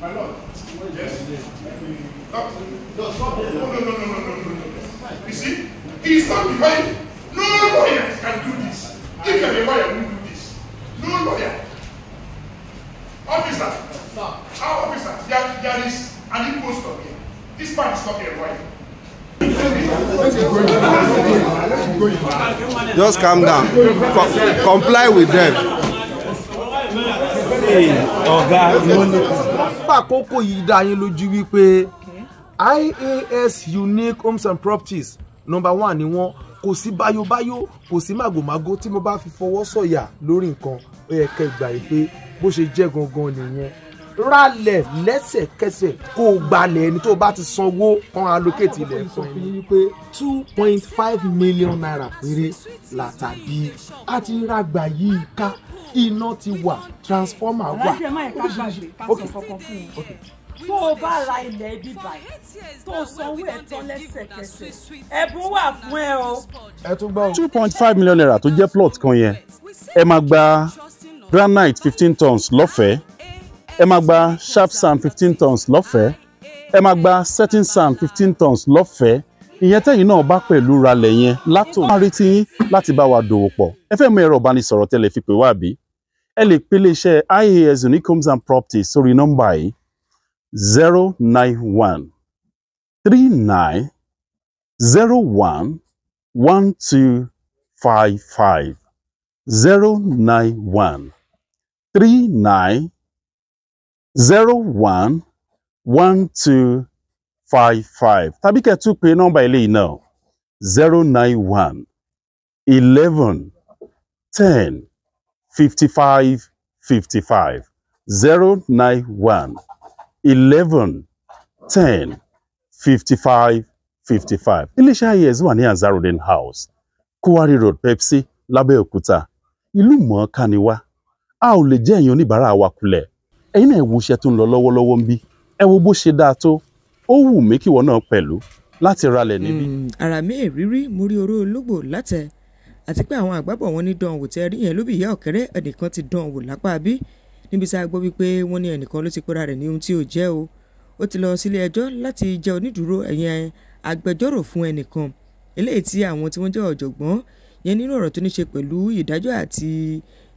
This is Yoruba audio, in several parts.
My lord. Yes. No, no, no, no, no, no, no, You see, he is not divine. No lawyer can do this. If you're a lawyer, you do this. No lawyer. Officer. Our officer, there, there is an impostor here. This man is not a lawyer. Just calm down. Com comply with them. Hey, oh God, fàkókò yìí dá yín lójú wípé IAS unique homes and properties number one ni wọ́n kò sí báyóbáyó kò sí màgòmágó tí mo bá fi fọwọ́ sọ̀yà lórí nǹkan ó yẹ kẹ́ gbà yìí pé bó ṣe jẹ́ gangan nìyẹn ralẹ̀ lẹ́sẹ̀kẹsẹ̀ kó o gbalẹ̀ ẹni tó bá ti sanwó kan allocate ilẹ̀ fún ẹni. two point five million naira péré làtàbí a ti ra gbà yìí ká iná ti wà transformer wà. aláṣẹ máa ẹ̀ka gbàgbé pásọ̀ fọkàn fún mi tó o bá ra ilẹ̀ ibi báyìí tó o sanwó ẹ̀ tán lẹ́sẹ̀kẹsẹ̀ ẹ̀bùn wà fún ẹ o. ẹ tún gbọ́. two point five million naira tó jẹ́ plot kan yẹn ẹ máa gba granite fifteen tons lọ́fẹ̀ẹ́ ẹ máa gba sharp sand fifteen tons lọ́fẹ̀ẹ́ ẹ máa gba setting sand fifteen tons lọ́fẹ̀ẹ́ ìyẹn tẹ́yìn náà bá pẹ̀lú ralẹ̀ yẹn látò máa retí yín láti bá wa dòwò pọ̀ ẹ fẹ́ mú ẹ̀rọ ìbánisọ̀rọ̀ tẹ́lẹ̀ fi pè wá bí ẹ lè pe iléeṣẹ́ ias unicoms and properties sórí nọ́mbà yìí zero nine one three nine zero one one two five five zero nine one three nine zero one one two five five tàbí kẹ́ tún pè nọ́mbà eléyìí náà zero nine one eleven ten fifty five fifty five zero nine one eleven ten fifty five fifty five iléeṣẹ́ IAS e wà ní Ansarudeen House Kuwari Road Pepsi Lábẹ́òkúta ìlú mọ̀ọ́ká ni wá a ò lè jẹ́ ẹ̀yàn oníbàárà wa kulẹ̀ ẹ̀yin náà ẹ wo iṣẹ́ tó ń lọ lọ́wọ́lọ́wọ́ ń bí ẹ wo bó ṣe dáa tó ó wù mí kíwọ náà pẹ̀lú láti ralẹ̀ níbí. Hmm, ara mi èrírí mo rí oró ológbò látẹ àti pé àwọn àgbàbọ̀ wọn ní dán wò tẹ́ rí yẹn ló bí ìyá ọ̀kẹ́rẹ́ ẹnìkan ti dán wò lápá bí níbi tá a gbọ́ wípé wọ́n ní ẹnìkan ló ti pera rẹ̀ ní ohun tí ò jẹ́ o ó ti lọ sílé ẹjọ́ láti jẹ́ onídùúró ẹ̀yìn agbẹjọ́rò fún ẹnìkan eléyìí tí àwọn tí wọ́n jẹ́ ọ̀jọ̀gbọ́n yẹn nínú ọ̀rọ̀ tó ní ṣe pẹ̀lú ìdájọ́ àti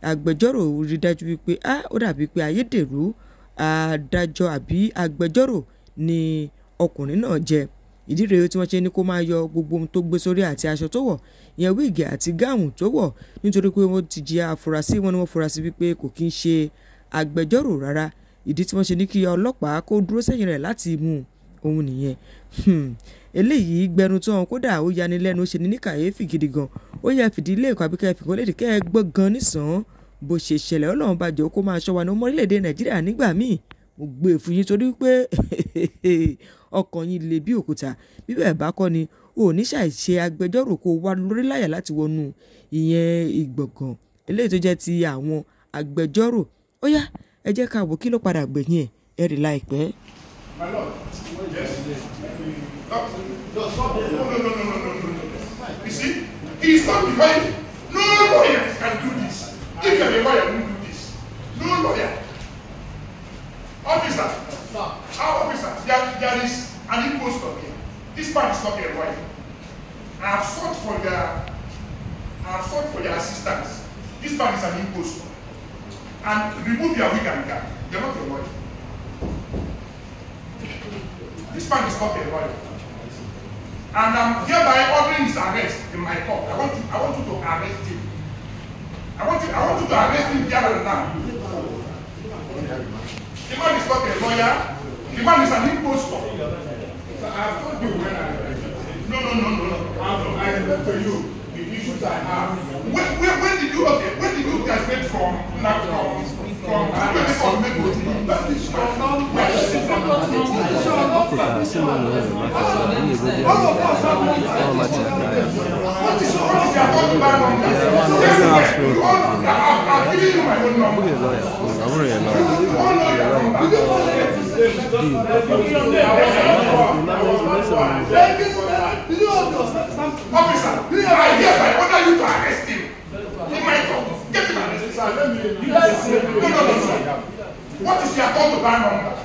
agbẹjọ́rò rí dájú wípé a ó dàbí pé ayédèrú adájọ́ àbí agbẹjọ́rò ni ọkùnrin náà jẹ ìdí rèé tí wọ́n ṣe ní kó máa yọ gbogbo ohun tó gbé sórí àti aṣọ tó wọ̀ ìyẹn wíìgì àti gáàmù tó wọ̀ nítorí pé wọ́n ti jẹ́ afurasí wọn ni wọ́n furasí wípé kò kí ń ṣe agbẹjọ́rò rárá ìdí tí wọ́n ṣe ní kí ọlọ́pàá kó dúró sẹ́yìn rẹ̀ láti mú un òun nìyẹn hmm. eléyìí gbẹnu tán kódà ó yani lẹ́nu ó ṣe ní ní kàyéfì gidi gan ó yẹ fìdí ilé ẹ̀kọ́ àbíkẹ́ ẹ̀fìkọ́ lè dìkẹ́ gbọ́ gan nísàn-án bó ṣe ṣẹlẹ̀ ọlọ́run bá jọ kó máa ṣọ́ wa ní ọmọrílẹ̀ nàìjíríà nígbà míì mo gbé e fún yín torí pé ọkàn yín le bí òkúta bíbẹ̀ bá kọ́ ni ò ní ṣàìṣe agbẹjọ́rò kó wá lórí láyà láti wọnú ìyẹn ìgbọ̀ngàn eléyìí tó jẹ́ ti àwọn agbẹjọ́rò ó yá ẹ jẹ́ ká wò kí ló padà gbẹ̀yìn ẹ̀ ẹ̀ láìpẹ́. No, No, no, no, no, no, no, You see, he's not behind. No lawyer can do this. If you're a lawyer, you do this. No lawyer. Officer, our officers, there, there is an impostor here. This man is not a lawyer. I have sought for their, I have sought for their assistance. This man is an impostor. And remove your wig and cap. You're not a lawyer. This man is not a lawyer. and I'm hereby ordering his arrest in my court. I want you, I want you to arrest him. I want you, I want you to arrest him here and now. The man is not a lawyer. The man is an impostor. So I've told you when I no no no no no. I have to you the issues I have. Where where where did you okay? Where did you graduate from now from from From From From did From make From is From number. From is From number. Officer, do you order you to arrest him? He might talk. Get him arrested. You guys, no, no, no, sir. What is your call to buy number?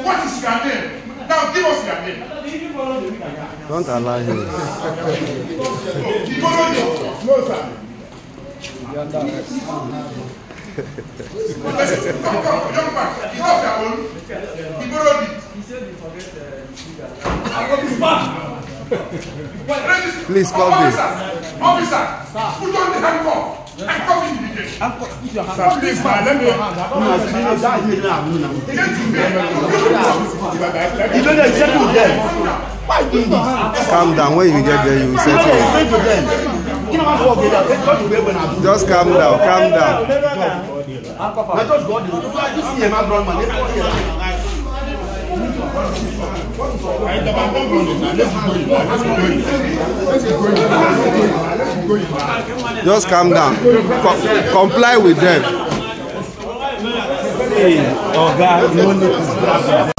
What is your name? give us their name. Don't allow him. He borrowed your no sir. Listen, come, come, young man, you have your own. He borrowed it. He said he forget the I got his back. Please call me. Officer, officer, put on the handcuff. Calm down. When you get there, you will settle it. Just calm down. Calm down. Just calm down. Co comply with them. Hey, oh God,